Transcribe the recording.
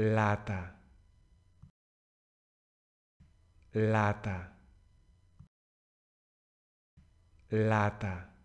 lata, lata, lata.